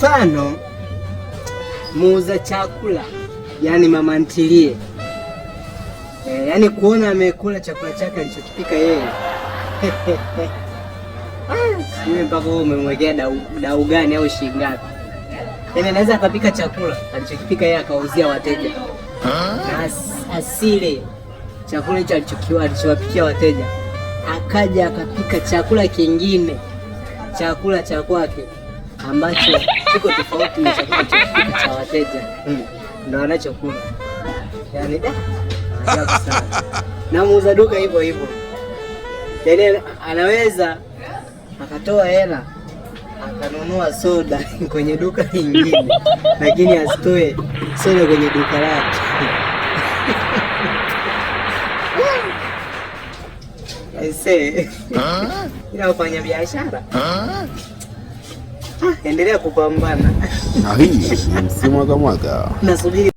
mfano muuza chakula, yani mama ntilie e, yani kuona amekula chakula chake alichokipika yeye ah, sijui mpaka wewe umemwekea dau, gani au shilingi ngapi? Yani anaweza akapika chakula alichokipika yeye akauzia wateja na asile chakula hicho alichokiwa alichowapikia wateja, akaja akapika chakula kingine, chakula cha kwake ambacho kiko tofauti na chakula cha wateja na anachokula Yani eh, na muuza duka hivyo hivyo, yani anaweza akatoa hela akanunua soda kwenye duka lingine, lakini asitoe soda kwenye duka lake. Aisee, ila wafanya biashara endelea kupambana. Msimu mwaka mwaka nasubiri